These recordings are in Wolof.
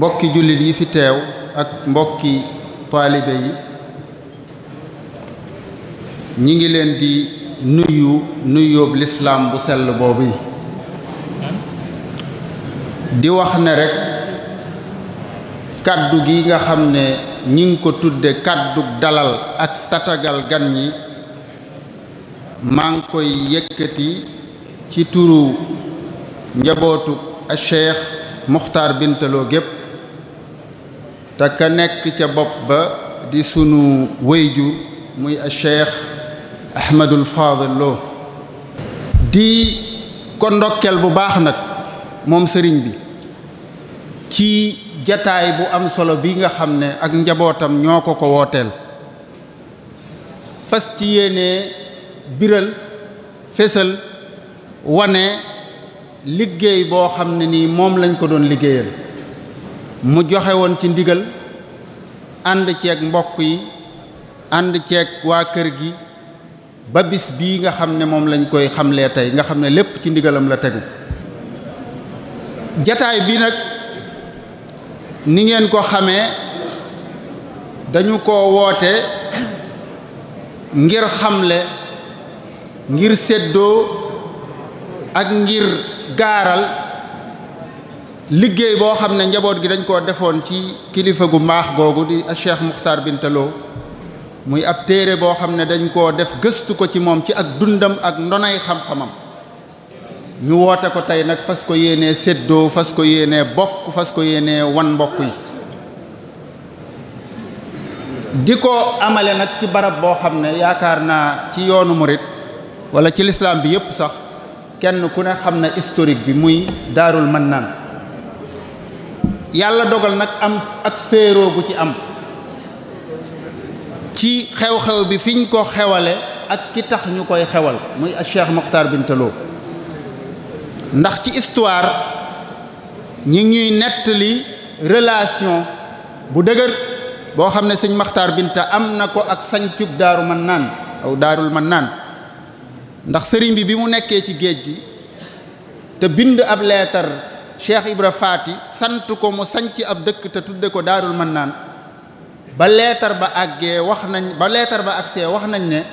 mbokki jullit yi fi teew ak mbokki taalibe yi ñi ngi leen di nuyu nuyóob lislaam bu sell boobu yi di wax ne rekk kàddu gi nga xam ne ñi ngi ko tudde kàddu dalal ak tatagal gan yi maa ngi koy yëkkati ci turu njabootu a cheikh muxtaar bintaloo gépp te nekk ca bopp ba di sunu wéyjur muy a cheikh ahmadul di ko ndokkeel bu baax nag moom sëriñ bi ci jataay bu am solo bi nga xam ne ak njabootam ñoo ko ko wooteel fas ci yéenee biral fésal wane liggéey boo xam ne nii moom lañ ko doon liggéeyal mu joxe woon ci ndigal ànd ceeg mbokk yi ànd ceeg waa kër gi ba bis bii nga xam ne moom lañ koy xamlee tey nga xam ne lépp ci ndigalam la tegu jataay bi nag ni ngeen ko xamee dañu ko woote ngir xamle ngir séddoo ak ngir gaaral liggéey boo xam ne njaboot gi dañ koo defoon ci kilifa gu maax googu di Cheikh Muxtaar Bintaloo muy ab téere boo xam ne dañ koo def gëstu ko ci moom ci ak dundam ak ndonay xam-xamam ñu woote ko tey nag fas ko yéenee séddoo fas ko yéenee bokk fas ko yéenee wan mbokk yi di ko amale nag ci barab boo xam ne yaakaar naa ci yoonu murit wala ci lislaam bi yëpp sax kenn ku ne xam na historique bi muy daarul mannaan yàlla dogal nag am ak féeroo gu ci am ci xew-xew bi fiñ ko xewale ak ki tax ñu koy xewal muy a Cheikh Mokhtar Binta ndax ci histoire ñi ñuy nettali relation bu dëgër boo xam ne sëñ Mokhtar Binta am na ko ak sañcub daaru man naan aw daarul man naan ndax sëriñ bi bi mu nekkee ci géej gi te bind ab leetar Cheikh Ibra Faati sant ko mu ci ab dëkk te tudde ko Daarul Mannaan ba leetar ba àggee wax nañ ba leetar ba agsee wax nañ ne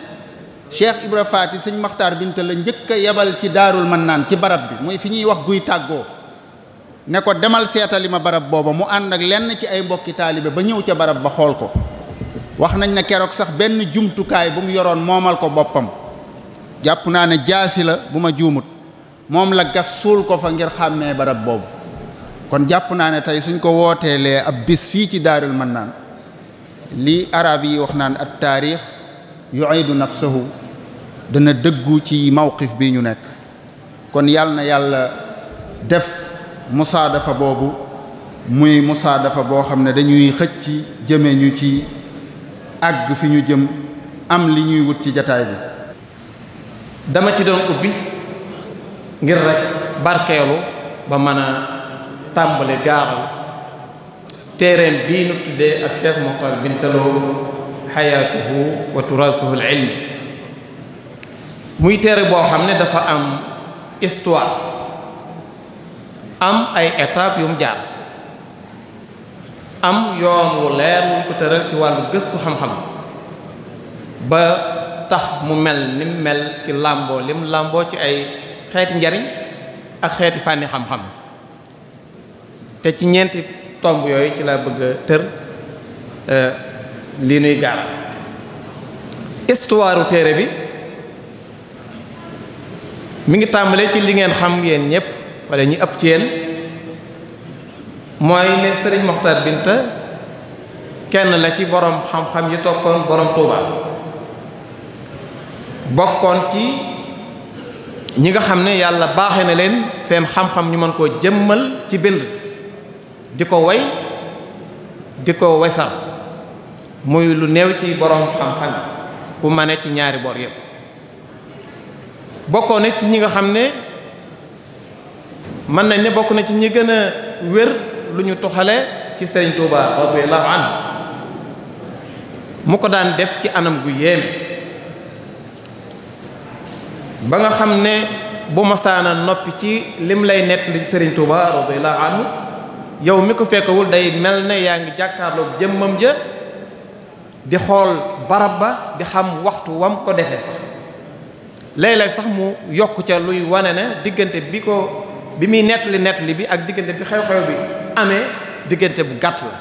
Cheikh Ibra Faati sëñ Maxtaar Binta la njëkk a yebal ci Daarul Mannaan ci barab bi muy fi ñuy wax guy tàggoo ne ko demal seetali ma barab booba mu ànd ak lenn ci ay mbokki taalibe ba ñëw ca barab ba xool ko wax nañ ne keroog sax benn jumtukaay bu mu yoroon moomal ko boppam jàpp naa ne jaasi la bu ma juumut moom la gas suul ko fa ngir xàmmee barab boobu kon jàpp naa ne tey suñ ko wooteelee ab bis fii ci daarul mannaan li arab yi wax naan at taarix yuidu nafsahu dana dëggu ci mawqif bi ñu nekk kon yàlla na yàlla def musaadafa boobu muy musaadafa boo xam ne dañuy xëcc jëme ñu ci àgg fi ñu jëm am li ñuy wut ci jataay bi dama ci doon ubbi ngir rek barkeelu ba mën a tàmbali gaaral téeréem bii nu tuddee ak Cheikh Mokhtar Bintaloo xayaatuhu wa turaasuhu al muy téere boo xam ne dafa am histoire am ay étapes yum jaar am yoon wu leer wuñ ko ci wàllu gëstu xam-xam ba tax mu mel ni mel ci làmboo lim làmboo ci ay xeeti njariñ ak xeeti fànni xam-xam te ci ñeenti tomb yooyu ci laa bëgg a tër euh, lii nuy gaar histoire téere bi mu ngi tàmbalee ci li ngeen xam yéen ñëpp wala ñi ëpp ci yéen mooy ne sëriñ Moxtar Binta kenn la ci boroom xam-xam yi toppoon borom Touba bokkoon ci ñi nga xam ne yàlla baaxe na leen seen xam-xam ñu mën koo jëmmal ci bind di ko woy di ko wesal muy lu néew ci borom xam-xam ku mane ci ñaari bor yëpp bokkoo na ci ñi nga xam ne mën nañ ne bokk na ci ñi gën a wér lu ñu toxale ci Sëriñ Tuuba radiyallahu anhu mu ko daan def ci anam gu yéeme ba nga xam ne bu masaana noppi ci lim lay nettali ci Serigne Touba radiyallahu anhu yow mi ko fekkewul day mel ne yaa ngi jàkkaarloog jëmmam ja di xool barab ba di xam waxtu wam ko defee sax léeg-léeg sax mu yokk ca luy wane na diggante bi ko bi muy nettali nettali bi ak diggante bi xew-xew bi amee diggante bu gàtt la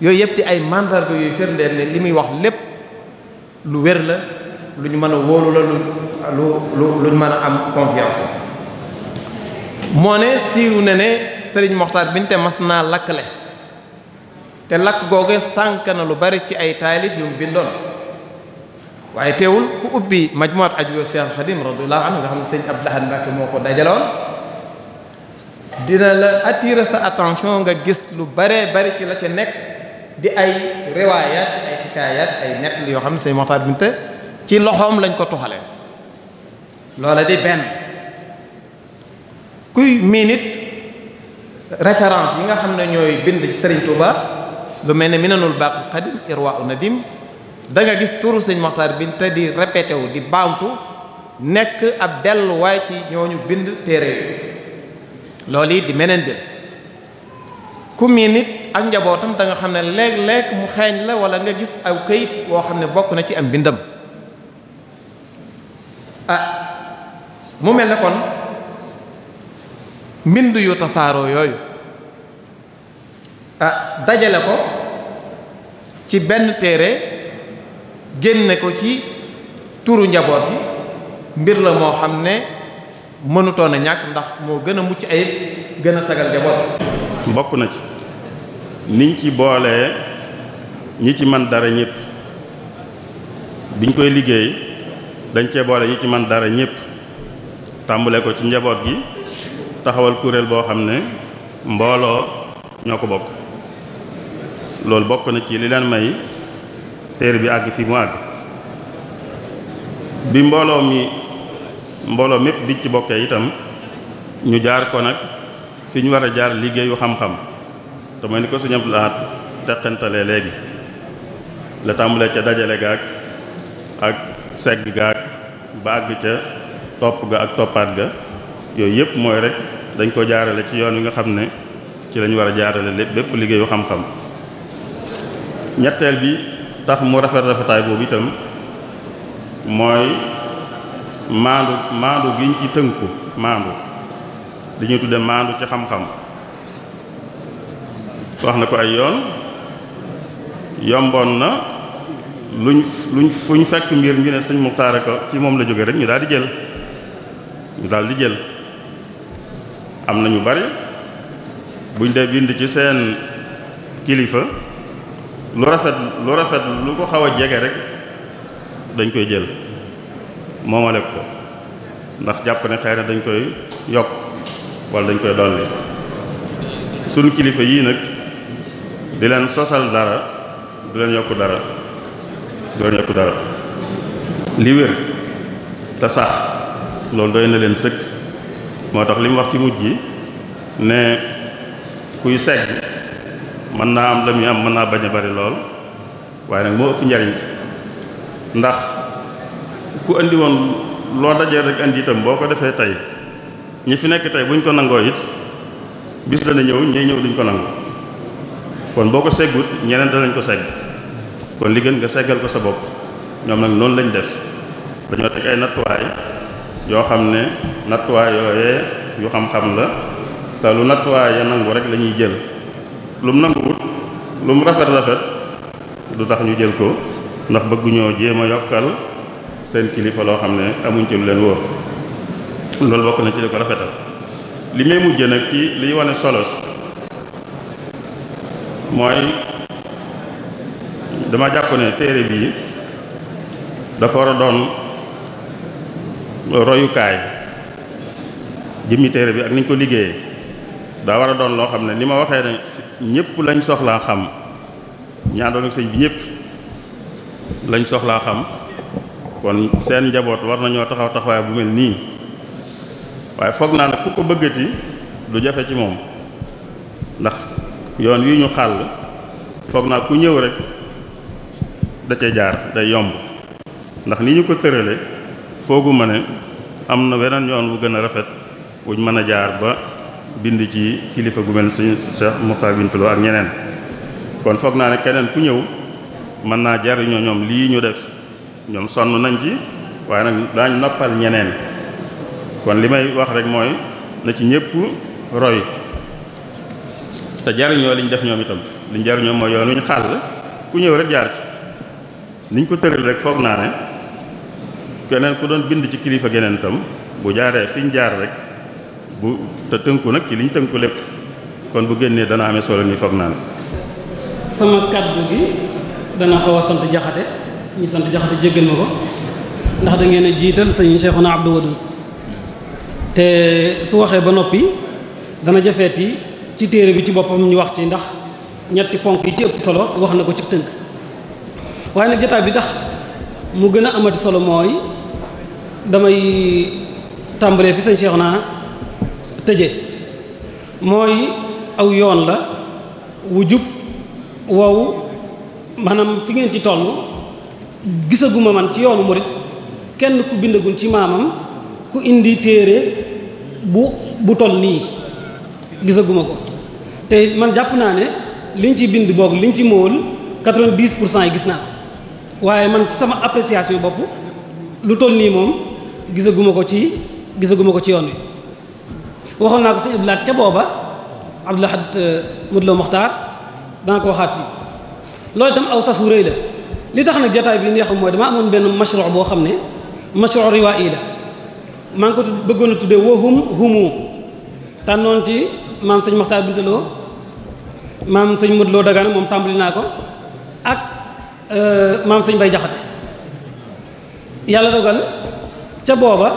yooyu yëpp di ay màndargo yooyu firndeel li muy wax lépp lu wér la lu ñu mën a wóolu la lu lu lu ñu mën a am confiance moo ne siiw na ne sëriñ Moxtaar te mas naa lakkle te lakk googe sànk na lu bari ci ay taalif yu mu bindoon waaye teewul ku ubbi majmuwaat aju Cheikh Xadim radiyallahu anhu nga xam ne sëñ ab Ahad Mbàkke moo ko dajaloon dina la attirer sa attention nga gis lu baree bari ci la ca nekk di ay riwaayaat ay xikaayaat ay nett li yoo xam ne sëñ Moxtaar Binte ci loxoom lañ ko tuxale loola di benn kuy miin it référence yi nga xam ne ñooy bind ci Serigne Touba lu mel ne Minanul Baaqil Qadim Irwaa'u Nadim da gis turu sëñ Maxtaar bind te di répété wu di baamtu nekk ab delluwaay ci ñooñu bind téere lool loolu yi di meneen bir ku mii nit ak njabootam da xam ne léeg-léeg mu xeeñ la wala nga gis aw këyit woo xam ne bokk na ci am bindam a ah, mu mel ne kon mbind yu tasaaroo yooyu ah dajale ko ci benn téere génne ko ci turu njaboot bi mbir la moo xam ne mënutoon a ñàkk ndax moo gën a mucc ay gën a sagal njaboot bokk na ci niñ ci boole ñi ci man dara ñëpp biñ koy liggéey dañ cee boole ñi ci man dara ñëpp tàmbale ko ci njaboot gi taxawal kuréel boo xam ne mbooloo ñoo ko bokk loolu bokk na ci li leen may téere bi àgg fi mu àgg bi mbooloo mi mbooloo mépp di ci bokkee itam ñu jaar ko nag fi ñu war a jaar liggéeyu xam-xam te ni ko sëñ Abdou Lahad teqantalee léegi la tàmbulee ca dajale gaag ak segg ga ak ba àgg ca topp ga ak toppaat ga yooyu yëpp mooy rekk dañ ko jaarale ci yoon wi nga xam ne ci lañ war a jaarale lépp bépp liggéeyu xam-xam ñetteel bi tax mu rafet rafetaay boobu itam mooy maandu maandu giñ ci tënku maandu li ñuy tudde maandu ci xam-xam wax na ko ay yoon yomboon na luñ luñ ñu fekk mbir ñu ne sëñ Muxtaar ko ci moom la jóge rek ñu daal jël ñu daal jël am na ñu bari buñ dee bind ci seen kilifa lu rafet lu rafet lu ko xaw a jege rek dañ koy jël moomale ko ndax jàpp ne xëy na dañ koy yokk wala dañ koy dolli suñ kilifa yii nag di leen sosal dara di leen yokk dara doo ñëpp dara li wér te sax loolu doy na leen sëkk moo tax li wax ci mujj gi ne kuy segg mën naa am la muy am mën naa bañ a bari lool waaye nag moo ëpp njariñ ndax ku indi woon loo dajee rek andi itam boo ko defee tey ñi fi nekk tey buñ ko nangoo it bis dana ñëw ñay ñëw duñ ko nangu kon boo ko seggut ñeneen danañ ko segg kon li gën nga seggal ko sa bopp ñoom nag noonu lañ def dañoo teg ay nattuwaay yoo xam ne nattuwaay yooyee yu xam-xam la te lu nattuwaay ya nangu rek la ñuy jël lu mu nanguwut rafet rafet du tax ñu jël ko ndax bëgguñoo jéem a yokkal seen kilifa loo xam ne amuñ ci lu leen wóor loolu bokk na ci li ko rafetal li may mujj nag ci liy wane solos mooy dama jàpp ne téere bii dafa war a doon royukaay jëmmi téere bi ak niñ ko liggéeyee daa war a doon loo xam ne ni ma waxee ne ñëpp lañ soxlaa xam ñaandoon ak sëñ bi ñépp lañ soxlaa xam kon seen njaboot war nañoo taxaw taxawaay bu mel nii waaye foog naa ne ku ko bëggati du jafe ci moom ndax yoon wi ñu xàll foog naa ku ñëw rek da cee jaar day yomb ndax ni ñu ko tërale foogu ma ne am na weneen yoon wu gën a rafet wuñ mën a jaar ba bind ci kilifa gu mel suñu Cheikh Mokhtar Bintu Lo ak ñeneen kon foog naa ne keneen ku ñëw mën naa jariñoo ñoom lii ñu def ñoom sonn nañ ci waaye nag daañ noppal ñeneen kon li may wax rek mooy na ci ñëpp roy te jariñoo liñ def ñoom itam liñ jariñoo mooy yoon wi ñu xàll ku ñëw rek jaar ci niñ ko tëral rek foog naa ne keneen ku doon bind ci kilifa geneen tam bu jaaree fi ñu jaar rek bu te tënku nag ci liñ tënku lépp kon bu génnee dana amee solo ni foog naa ne sama kàddu gi dana xaw a sant jaxate ñu sant jaxate jéggal ma ko ndax da ngeen a jiital sëñ naa Abdou Wadud te su waxee ba noppi dana jafeeti ci téere bi ci boppam ñu wax ci ndax ñetti ponk yi ci ëpp solo wax na ko ci tënk waaye nag jotaay bi tax mu gën a amati solo mooy damay tàmbalee fi sëñ Cheikh naa tëje mooy aw yoon la wu jub wow maanaam fi ngeen ci toll gisaguma man ci yoonu murit kenn ku bindagul ci maamam ku indi téere bu bu toll nii gisaguma ko te man jàpp naa ne liñ ci bind boog liñ ci móol quatre vingt pour cent yi gis naa waaye man ci sama appréciation bopp lu toll nii moom gisaguma ko ci gisaguma ko ci yoon wi waxoon naa ko si iblaat ca booba abdoulahad euh, modlo moxtaar dana ko waxaat fii loolu itam aw sasu rëy la li tax nag jataay bi neexam mooy dama amoon benn mashru boo xam ne mashru riwaayi la maa ko bëggoon a tuddee woo hum humu tànnoon ci maam sëñ moxtaar bintaloo maam sëñ modlo dagana moom tàmbali naa ko ak Euh, maam sañ bay jaxate yàlla dogal ca booba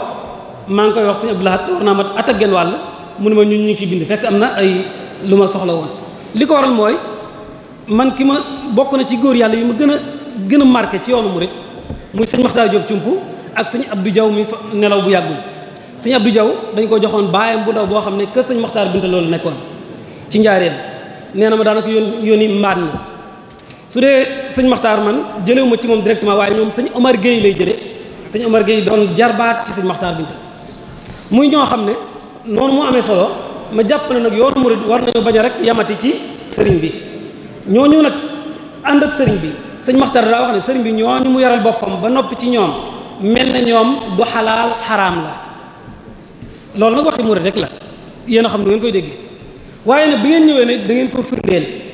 maa ngi koy wax sëñ Abdou Lahad war naa ma at ak genn wàll mu ne ma ñu ñu ci bind fekk am na ay lu ma soxla woon li ko waral mooy man ki ma bokk na ci góor yàlla yi ma gën a gën a marqué ci yoonu murid muy sëñ Maxtaar Diop Cumpu ak sëñ jaw Diaw fa nelaw bu yàggul sëñ Abdou Diaw dañ ko joxoon baayam bu ndaw boo xam ne que sañ Maxtaar Binta loolu nekkoon ci njaareem nee na ma daanaka yoon yooni mbaat na su dee sëñ Maxtaar man jëlewu ma ci moom directement waaye ñoom sëñ Omar Gueye lay jëlee sëñ Omar Gueye doon jarbaat ci sëñ Maxtaar Binta muy ñoo xam ne noonu mu amee solo ma jàpp ne nag yoonu murid war nañu bañ rek yamati ci sëriñ bi ñoo ñooñu nag ànd ak sëriñ bi sëñ Maxtaar daa wax ne sëriñ bi ñooñu mu yaral boppam ba noppi ci ñoom mel na ñoom du xalaal xaraam la loolu nag waxi murid rek la yéen a xam du ngeen koy déggee waaye nag bi ngeen ñëwee ne da ngeen ko firndeel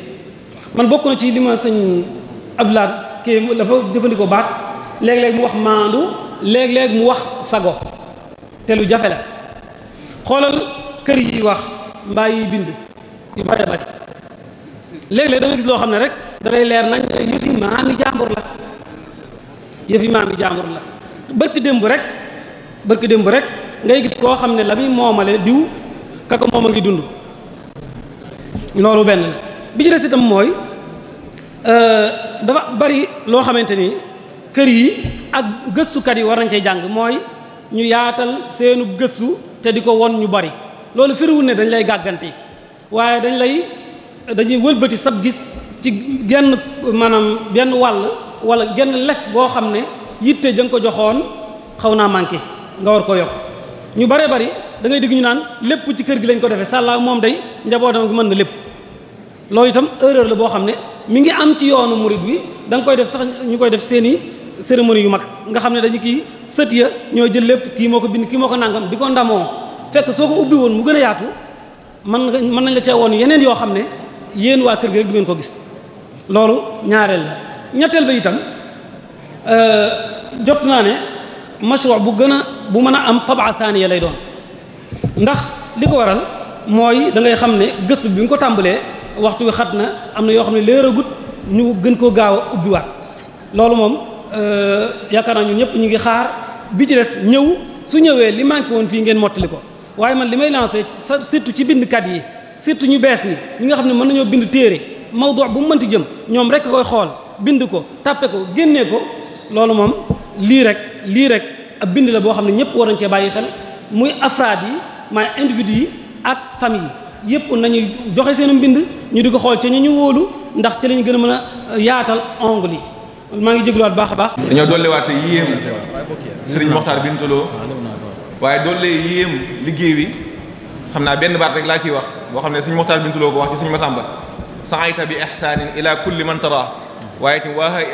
man bokk na ci li ma sëñ abdulaat kii lafa jëfandikoo baat léeg-léeg mu wax maandu léeg-léeg mu wax sago te lu jafe la xoolal kër yi wax mbaa yi bind yu bare bare léeg-léeg gis loo xam ne rek dalay leer nañ ne yëfi maam yi la yëfi maam yi la bërki démb rek bërki démb rek ngay gis koo xam ne la muy moomale diw kaka moom ngi dund loolu benn la bi ci des itam mooy Euh, dafa bari loo xamante ni kër yi ak gëstukat yi war nañ cee jàng mooy ñu yaatal seenu gëstu te di ko won ñu bari loolu firiwul ne dañ lay gàggante waaye dañ lay dañuy wëlbati sab gis ci genn maanaam benn wàll wala genn lef boo xam ne yitte jëng ko joxoon xaw naa manqué nga war ko yokk ñu bare bari dangay ngay digg ñu naan lépp ci kër gi lañ ko defee sàllaa moom day njabootam gi mën na lépp loolu itam erreur la boo xam ne mi ngi am ci yoonu murid bi danga koy def sax ñu koy def seeni cérémonie yu mag nga xam ne dañu kii sët ya ñoo jël lépp kii moo ko bind kii moo ko nangam di ko ndamoo fekk soo ko ubbi woon mu gën a yaatu mën nga mën nañ la cee woon yeneen yoo xam ne yéen waa kër gi rek du ngeen ko gis loolu ñaareel la ñetteel ba itam euh, jot naa ne mashru bu gën a bu mën a am tabaa thaniya lay doon ndax li ko waral mooy da ngay xam ne gëstu bi nga ko tàmbalee waxtu wi xat na am na yoo xam ne leeragut ñu gën koo gaaw a ubbiwaat loolu moom euh, yaakaar naa ñun ñëpp ñu ngi xaar bi ci des ñëw su ñëwee li manqué woon fii ngeen mottali ko waaye man li may lancé surtout ci bindkat yi surtout ñu bees ñi ñi nga xam ne mën nañoo bind téere mawdu bu mu mënti jëm ñoom rek koy xool bind ko tàppe ko génnee ko loolu moom lii rek lii rek a bind la boo xam ne ñëpp war nañ cee bàyyi xel muy afraad yi maay individu yi ak famille yi yépp nañuy joxe seen mbind ñu di ko xool ci ñu ñu wóolu ndax ci lañu gën a mën a euh, yaatal ongle yi maa ngi jégluwaat baax baax dañoo dolliwaate yéem sëriñ Moxtaar Bintaloo waaye dolle yéem liggéey bi xam naa benn baat rek laa ciy wax boo xam ne suñ Moxtaar Bintaloo ko wax ci sëriñ Masamba saxayta bi ixsaanin ila kulli man tara waaye itam waa hay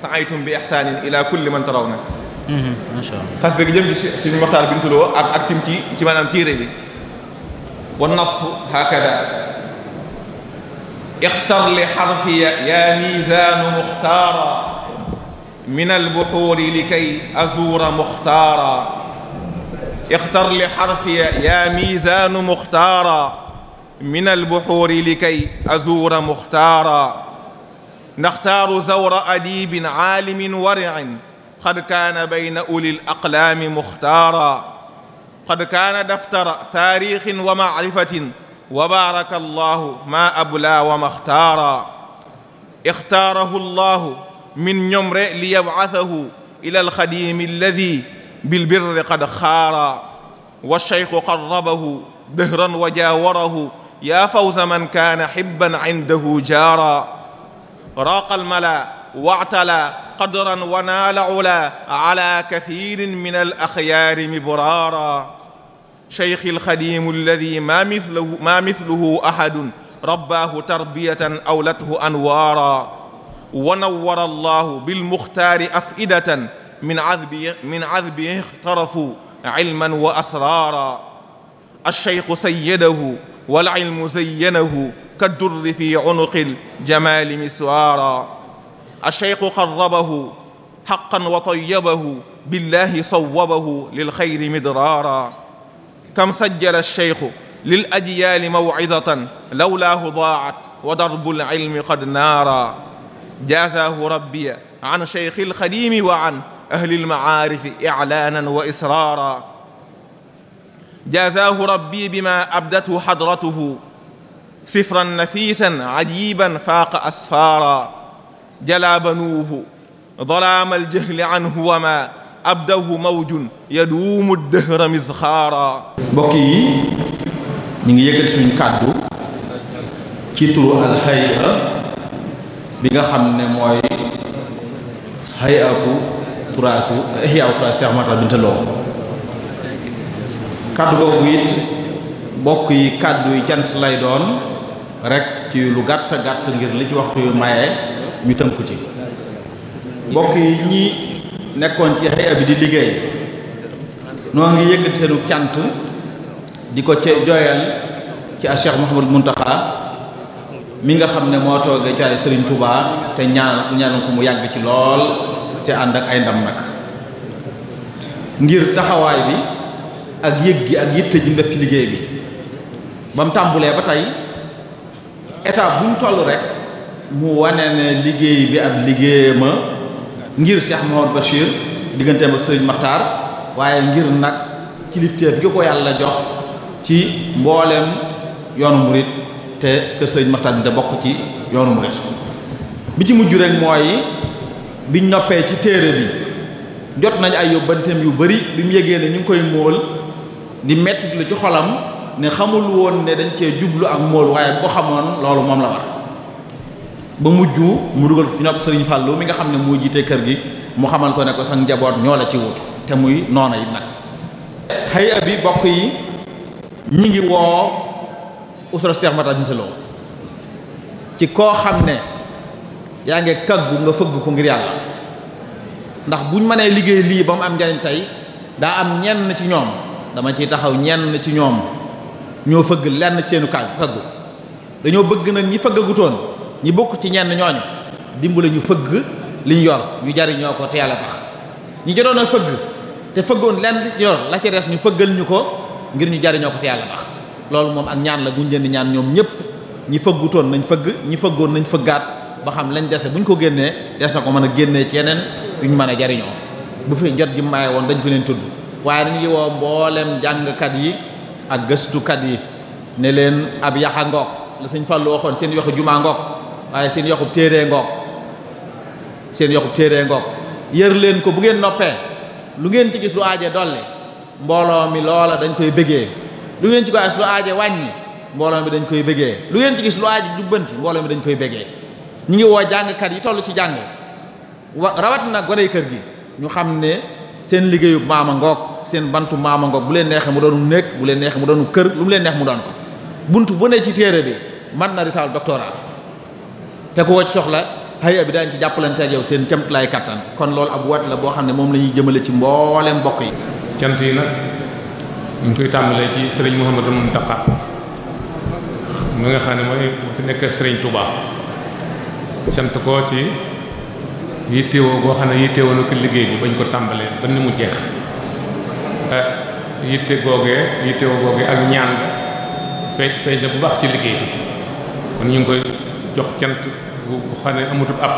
saxaytum bi ixsaanin ila kulli man taraw nag mhm, macha allah xas dëgg jëm ci sëriñ Moxtaar Bintaloo ak ak tim ci ci maanaam téere bi wa nassu hakada ixtar li xarfiya yaa miizaanu muxtaara min albuxuuri likay azuura muxtaara ixtar li xarfiya yaa miizaanu muxtaara min albuxuuri likay azuura muxtaara naxtaaru zawra adiibin caalimin waricin qad kaana bayna ulil aqlaami muxtaara qad kaana daftara taarixin wa macrifatin wa baaraka allahu ma abla wa maxtaara ixtaarahu allahu min ñomre li yabcasahu ila alxadimi alladi bilbirri qad xaara walcheyxu qarrabahu dëhran wa jaawarahu yaa fawsa man kaana xibban cindahu jaara raaqa almala wactala qadran wa naala ula ala kathirin min al axyaari mibraara cheikh alxadimu alladi ma mithluhu ma mithluhu ahadun rabbaahu tarbiyatan awlathu anwaara wa nawwara allahu bilmuxtaari afidatan min azbi min azbi ixtarafu ilman wa asraara alcheikhu sayyadahu wal ilmu zayyanahu kaddurri fi unuqil jamaali miswaara alcheyqu xarabahu xaqan wa tayabahu billahi sawabahu lilxayri midraara kam sajjala alcheyqu lil ajyaali mawcidatan lawlaahu daacat wa darbu alcilmi qad naara jaazaahu rabbiya an cheyqi alxadimi wa an ahli almacaarifi iclaanan wa israara jaazaahu rabbi bima abdathu xadratuhu sifran nafiisan cajiiban faaqa asfaara jalaa banuuhu dalaama aljahli anhu wa ma abdahu mawjun yaduumu dëhra misxaara mbokk yi ñu ngi yëkkati suñu kàddu ci turu alhaya bi nga xam ne mooy hayatu turaasu ihyaa turaasu Cheikh Makhtar Binta Lo kàddu googu it mbokk yi kàddu yi cant lay doon rekk ci lu gàtt gàtt ngir li ci waxtu maye ñu tënku ci mbokk yi ñi nekkoon ci xëy bi di liggéey noo ngi yëkkati seenu cant di ko ci jooyal ci a Cheikh Mouhamadou Mountakha mi nga xam ne moo toogee caay Serigne Touba te ñaan ñaan ko mu yàgg ci lool te ànd ak ay ndam nag ngir taxawaay bi ak yëg gi ak yitte ji mu def ci liggéey bi ba mu tàmbulee ba tey état bu ñu toll rek mu wane ne liggéey bi ab ma ngir Cheikh Mouhamadou Bachir digganteem ak Serigne Makhtar waaye ngir nag kilifteef gi ko yàlla jox ci mbooleem yoonu murit te kër Serigne bi te bokk ci yoonu murit bi ci mujj rek mooy biñ noppee ci téere bi jot nañ ay yóbbanteem yu bari bi mu yégee ne ñu ngi koy móol di mettit lu ci xolam ne xamul woon ne dañ cee jublu ak móol waaye bu xamoon loolu moom la war ba mujj mu dugal ko ci nopp Serigne Fallou mi nga xam ne moo jiite kër gi mu xamal ko ne ko sax njaboot ñoo la ci wutu te muy noona yi nag xëy bi bokk yi ñi ngi woo usra Cheikh Makhtar Binta ci koo xam ne yaa ngi nga fëgg ko ngir yàlla ndax buñ mënee liggéey lii ba mu am njariñ tey daa am ñenn ci ñoom dama ciy taxaw ñenn ci ñoom ñoo fëgg lenn ci seenu kaggu dañoo bëgg nag ñi fëggagutoon ñi bokk ci ñenn ñooñu dimbale ñu fëgg li ñu yor ñu jariñoo ko te yàlla tax ñi jotoon a fëgg te fëggoon lenn yor la ci res ñu fëggal ñu ko ngir ñu jariñoo ko te yàlla tax loolu moom ak ñaan la guñ di ñaan ñoom ñëpp ñi fëggutoon nañu fëgg ñi fëggoon nañ fëggaat ba xam lañ dese bu ñu ko génnee des na ko mën a génnee ci yeneen yu ñu mën a jariñoo bu fi jot gi maye woon dañ ko leen tudd waaye dañuy woo mboolem jàngkat yi ak gëstukat yi ne leen ab yaxa ngoog la sëñ Fallu waxoon seen yoxu jumaa ngoog waaye seen yoxub téeree ngoog seen yoxub téere ngoog yër leen ko bu ngeen noppee lu ngeen ci gis lu aaje dolli mbooloo mi loola dañ koy bëggee lu ngeen ci ko as lu aaje wàññi mbooloo mi dañ koy bëggee lu ngeen ci gis lu aaje jubbanti mbooloo mi dañ koy bëggee ñu ngi woo jàngkat yi toll ci jàng wa rawatina goney kër gi ñu xam ne seen liggéeyub maama ngoog seen bantu maama ngoog bu leen neexee mu doonu nekk bu leen neex mu doonu kër lu mu leen neex mu doon ko bunt bu ne ci téere bi man na risaal doctorat te ku ko ci soxla haya bi daañu ci jàppalante seen cëmt laay kattan kon loolu ab wat la boo xam ne moom la ñuy jëmale ci mbooleem bokk yi. cant yi nag ñu ngi koy tàmbalee ci sëriñ Mouhamadou Mountakha mi nga xam ne mooy fi nekk sëriñ Touba sant ko ci yittewoo boo xam ne yittewoo na liggéey bi bañ ko tàmbalee ba ni mu jeex eh, yitte googee yittewoo googee ak ñaan feeñ feeñ na bu baax ci liggéey bi kon ñu koy jox cant. bu xam ne amatul ab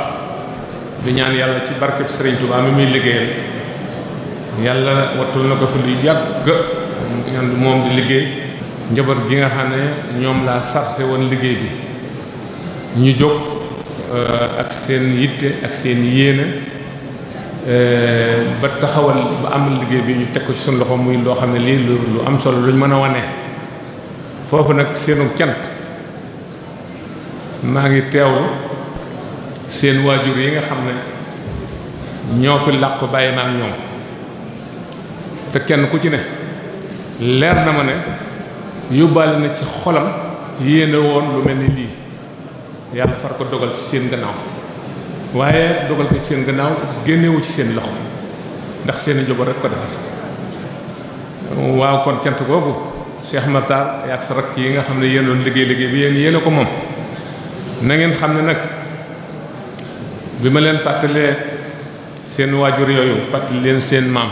di ñaan yàlla ci barkeb Serigne Touba mi muy liggéeyal yàlla wattul na ko fi lu yàgg ñaan moom di liggéey njaboot gi nga xam ne ñoom laa sarse woon liggéey bi ñu jóg euh, ak seen yitte ak seen yéene euh, ba taxawal ba amal liggéey bi ñu teg ko ci suñu loxo muy loo xam ne lii lu am solo luñ mën a wane foofu nag seenu cant maa ngi teewlu seen waajur yi nga xam ne ñoo fi làq bàyyi ma ñoom te kenn ku ci ne leer na ma ne yóbbaale na ci xolam yéene woon lu mel ni lii yàlla far ko dogal ci seen gannaaw waaye dogal ci seen gannaaw génnewu ci seen loxo ndax seeni njaboot rek ko defar waaw kon cant googu Cheikh Matar yaag sa rakk yi nga xam ne yéen doon liggéey liggéey bi yéen yéen ko moom na xam ne nag bi ma leen fàttalee seen waajur yooyu fàttali leen seen maam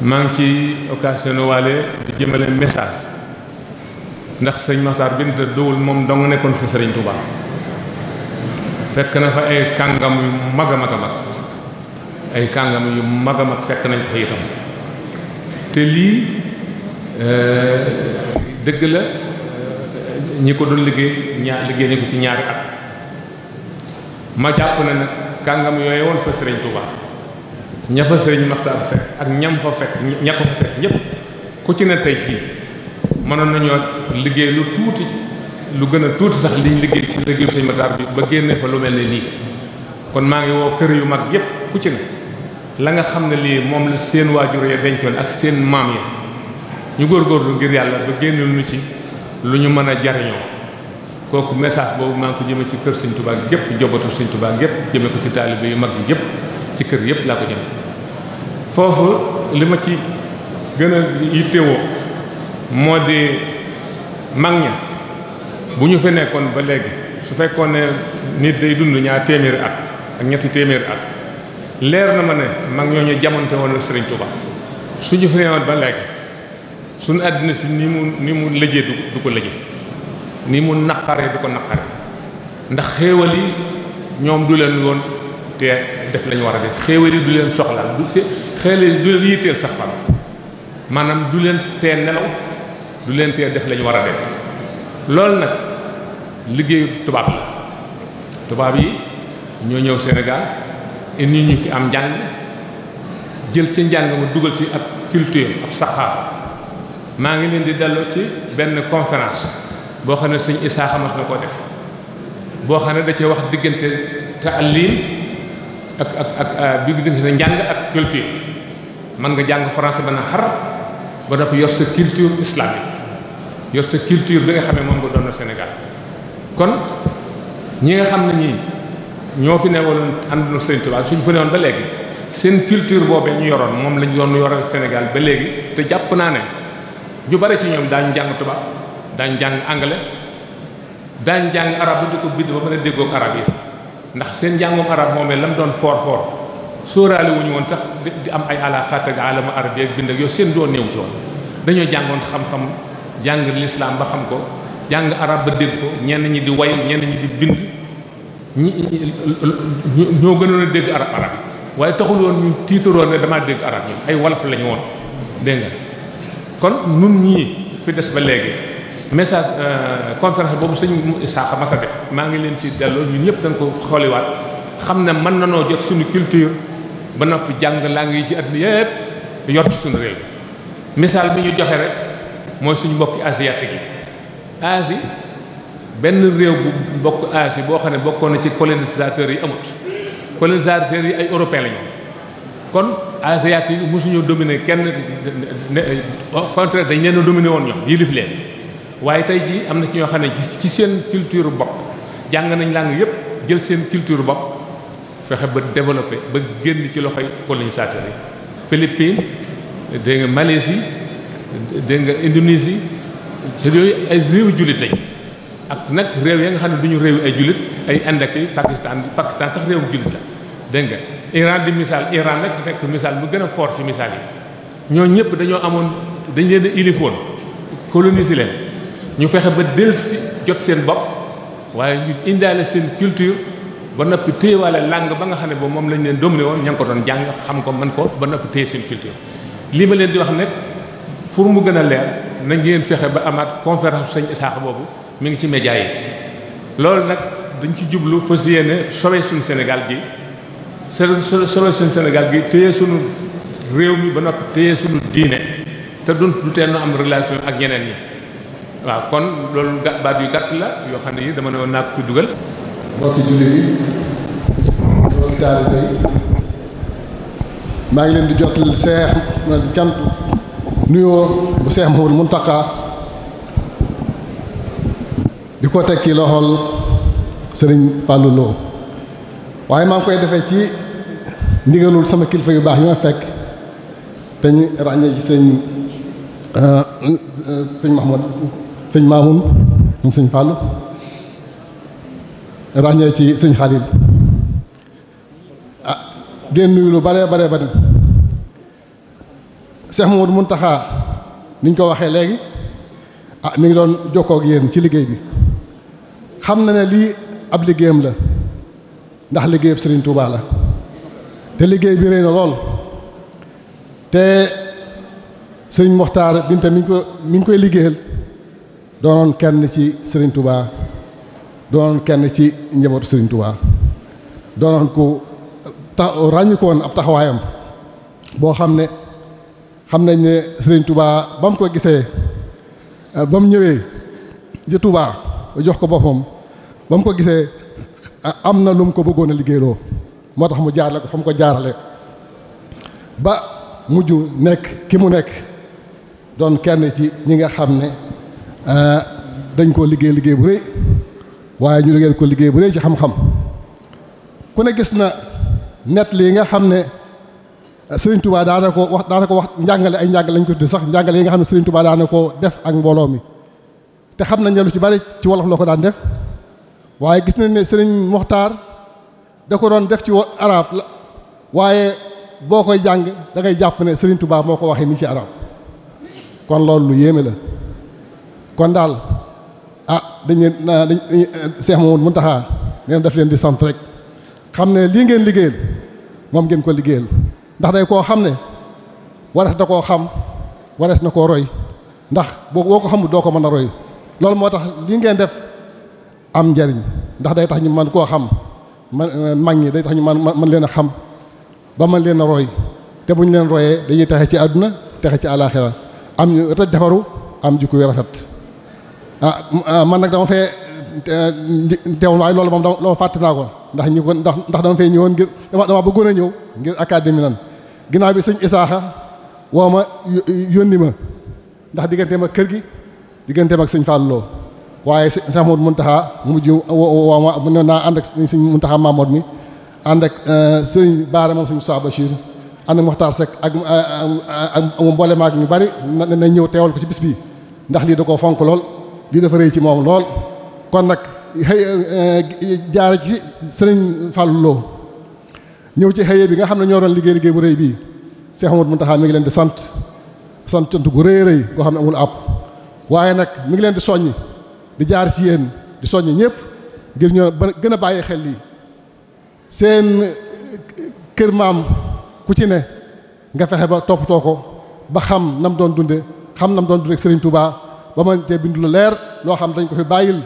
maa ngi ci occasion waale di jëmale message ndax sëñ Maxtaar Binta dowul moom dong nekkoon fi sëriñ Touba fekk na fa ay kàngam yu mag a mag a mag ay kàngam yu mag a mag fekk nañ ko itam te lii eh, dëgg la ñi ko doon liggéey ñaar liggéey nañ ko ci ñaari at ma jàpp na nag kàngam yooyu woon fa sëriñ Touba ña fa sëriñ Maxtaar fekk ak ñam fa fekk ña fa fekk ñëpp ku ci ne tey jii mënoon nañoo liggéey lu tuuti lu gën a tuuti sax liñ liggéey ci liggéeyu sëriñ Maxtaar bi ba génnee fa lu mel ne lii kon maa ngi woo kër yu mag yépp ku ci ne la nga xam ne lii moom la seen waajur ya dencoon ak seen maam ya ñu góorgóorlu ngir yàlla ba génne lu ci lu ñu mën a jariñoo kooku message boobu maa ngi ko jëmee ci kër Sëñ Tuubaa gépp jobatu Sëñ Tuubaa gépp jëmee ko ci taalibe yu mag yi yëpp ci kër yëpp laa ko jëme foofu li ma ci gën a yittewoo moo di mag ña bu ñu fi nekkoon ba léegi su fekkoon ne nit day dund ñaar téeméeri at ak ñetti téeméeri ak leer na ma ne mag ñooñu jamonte woon Sëriñ Tuubaa su ñu fi newoon ba léegi suñu àddina si ni mu ni mu lëjee du du ko lëjee ni mu naqare du ko naqare ndax xéewal yi ñoom du leen woon te def lañu war a def xéewal yi du leen soxla du si xéewal yi du leen yitteel sax fan maanaam du leen tee nelaw du leen tee def lañu war a def loolu nag liggéeyu tubaab la tubaab yi ñoo ñëw Sénégal indi ñu fi am njàng jël ci njàng ma dugal ci ab culture ab saqaafa maa ngi leen di delloo ci benn conférence boo xam ne sëñ Isaaxa mas na koo def boo xam ne da cee wax diggante taalim ak ak ak bi diggante njàng ak culture mën nga jàng français ba na xar ba noppi yor sa culture islamique yor sa culture bi nga xam ne moom nga doon Sénégal kon ñi nga xam ne ñii ñoo fi newoon àndoon Sëriñ Tuubaa suñ fa newoon ba léegi seen culture boobee ñu yoroon moom lañ doon yoral Sénégal ba léegi te jàpp naa ne ñu bare ci ñoom daañu jàng tubaab daañ jàng anglais daañ jàng arab bu di ko bind ba mën a déggoog arab yi sax ndax seen njàngoom arab moomee la mu doon foor foor sóoraale woon sax di am ay alaaxaat ak alama arab yi bind ak yooyu seen doon néew soon dañoo jàngoon xam-xam jàng lislaam ba xam ko jàng arab ba dégg ko ñenn ñi di way ñenn ñi di bind ñi ñoo gënoon a dégg arab arab yi waaye taxul woon ñu tiitaroon ne damaa dégg arab yi ay wolof lañu woon dégg kon nun ñii fi des ba léegi message euh, conférence boobu sëñ Isaaxa mas a def maa ngi leen ci delloo ñun ñëpp dañ ko xooliwaat xam ne mën na noo jot suñu culture ba noppi jàng langue yi ci àdduna yëpp yor ci suñu réew mi misaal bi ñu joxe rek mooy suñu mbokki asiatique yi Asie benn réew bu mbokk Asie boo xam ne bokkoon na ci colonisateurs yi amut colonisateurs yi ay européens la ñu kon asiatique yi mosuñu dominer kenn contraire dañ leen a dominer woon ñoom yilif leen waaye tey jii am na ci ñoo xam ne ci seen culture bopp jàng nañ langue yépp jël seen culture bopp fexe ba développé ba génn ci loxoy colonisateur yi Philippines dégg nga Malaisie dégg nga Indonésie c'est yooyu ay réewu jullit lañ ak nag réew ya nga xam ne du ñu réew ay jullit ay Inde ak Pakistan Pakistan sax réewu jullit la dégg nga Iran di misaal Iran nag nekk misaal mu gën a fort ci misaal yi ñooñ ñëpp dañoo amoon dañ leen a ilifoon coloniser leen ñu fexe ba dellusi jot seen bopp waaye ñu indaale seen culture ba noppi téyewaale langue ba nga xam ne boobu moom lañ leen domine woon ña ngi ko doon jàng xam ko man ko ba noppi téye seen culture lii ma leen di wax nag pour mu gën a leer na ngeen fexe ba amaat conférence sëñ Isaaxa boobu mu ngi ci média yi loolu nag dañ ci jublu fas yéene sowe suñu Sénégal gi sowe suñu Sénégal gi téye suñu réew mi ba noppi téye suñu diine te du du tee na am relation ak ñeneen ñi waaw kon loolu ga baat yu gàtt la yoo xam ne yi dama ne woon naa ko fi dugal. mbokki jullit yi mbokki taalibe yi maa ngi leen di jot seex cant nuyoo bu seex Mouhamadou takka di ko teg ci loxol sëriñ Fallou waaye maa koy defee ci ndigalul sama kilifa yu baax ñi ma fekk te ñu ràññee ci sëñ euh, euh, sëñ sëñ Maamun moom sëñ Fàllu ràññee ci sëñ Xalil ah génn nuyu lu baree baree bari Cheikh Mamadou Muntaxaa ni ñu ko waxee léegi ah mi ngi doon jokkoo ak ci liggéey bi xam na ne lii ab liggéeyam la ndax liggéeyam Serigne Touba la te liggéey bi rëy na lool te sëñ Mokhtar Binta mi ngi ko mi ngi koy liggéeyal. doonoon kenn ci Serigne Touba doonoon kenn ci njabootu Serigne Touba doonoon ku ta ràññu ko woon ab taxawaayam boo xam ne xam nañ ne sëriñ Touba ba mu ko gisee euh, ba mu ñëwee ci Touba jox ko boppam ba mu ko gisee am na lu mu ko bëggoon a liggéeyloo moo tax mu jaarale ko fa mu ko jaarale ba mujj nekk ki mu nekk doon kenn ci ñi nga xam ne. Euh, dañ koo liggéey liggéey bu rëy waaye ñu liggéey ko liggéey bu rëy ci xam-xam ku ne gis na net lii nga xam ne Serigne Touba daana ko wax daana ko wax njàngale ay njàngale lañ ko tudde sax njàngale yi nga xam ne Serigne Touba daana ko def ak mbooloo mi te xam nañ ne lu ci bari ci wolof la ko daan def waaye gis nañ ne Serigne Mokhtar da ko doon def ci arab la waaye boo koy jàng da jàpp ne Serigne Touba moo ko waxee nii ci arab kon loolu lu yéeme la. kon daal ah dañ leen dañ Cheikh Mamadou Mountakha nee na daf leen di sant rek xam ne lii ngeen liggéeyal moom ngeen ko liggéeyal ndax day koo xam ne warees da koo xam warees na koo roy ndax boo boo ko xamul doo ko mën a roy loolu moo tax lii ngeen def am njariñ ndax day tax ñu man koo xam man mag ñi day tax ñu man man leen a xam ba man leen a roy te bu ñu leen royee dañuy taxe ci àdduna texe ci àllaaxira am ñu rafet defaru am jikko yu rafet Ah, ah, man nag dama fee teewul waaye loolu moom dama loolu fàtte naa ko ndax ñu ko ndax ndax dama fee ñëwoon ngir dama dama bëggoon a ñëw ngir académie nan ginnaaw bi sëñ Isaaxa woo ma yónni ma ndax digganteem ma kër gi digganteem ak sëñ Fallou loo waaye Seex Mamadu Muntaxa mujj woo ma mu ne naa ànd ak sëñ Muntaxa Mamoud mi ànd ak euh, sëñ Baara moom sëñ Moussa Bachir ànd ak Moxtaar Seck ak ak mboolem ak ñu bari na ñëw teewal ko ci bis bi ndax lii da koo fonk lool. lii dafa rëy ci moom lool kon nag xëy euh, jaare ci sëriñ Fallou ñëw ci xëye bi nga xam ne ñoo doon liggéey liggéey bu rëy bii Cheikh Amadou Mountakha mi ngi leen di sant sant cant gu rëy rëy goo xam ne amul àpp waaye nag mu ngi leen di soññ di jaar ci yéen di soññ ñëpp ngir ñoo gën a bàyyi xel lii seen eh, kër maam ku ci ne nga fexe ba toppatoo ko ba xam nam doon dunde xam nam doon dunde ak Sëriñ Touba ba mën cee bind lu leer loo xam dañ ko fi bàyyil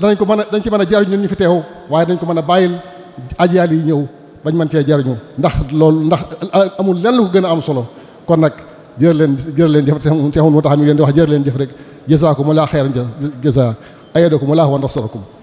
danañ ko mën a dañ ci mën a jariñu ñun ñu fi teew waaye dañ ko mën a bàyyil ajiyaal yi ñëw bañ mën cee jariñu ndax loolu ndax amul lenn lu gën a am solo kon nag jër leen jër leen jëf seexun moo tax mi leen di wax jër leen jëf rek jësaaku mu laa xeeran jësa ayadaku mu laa wan rasulakum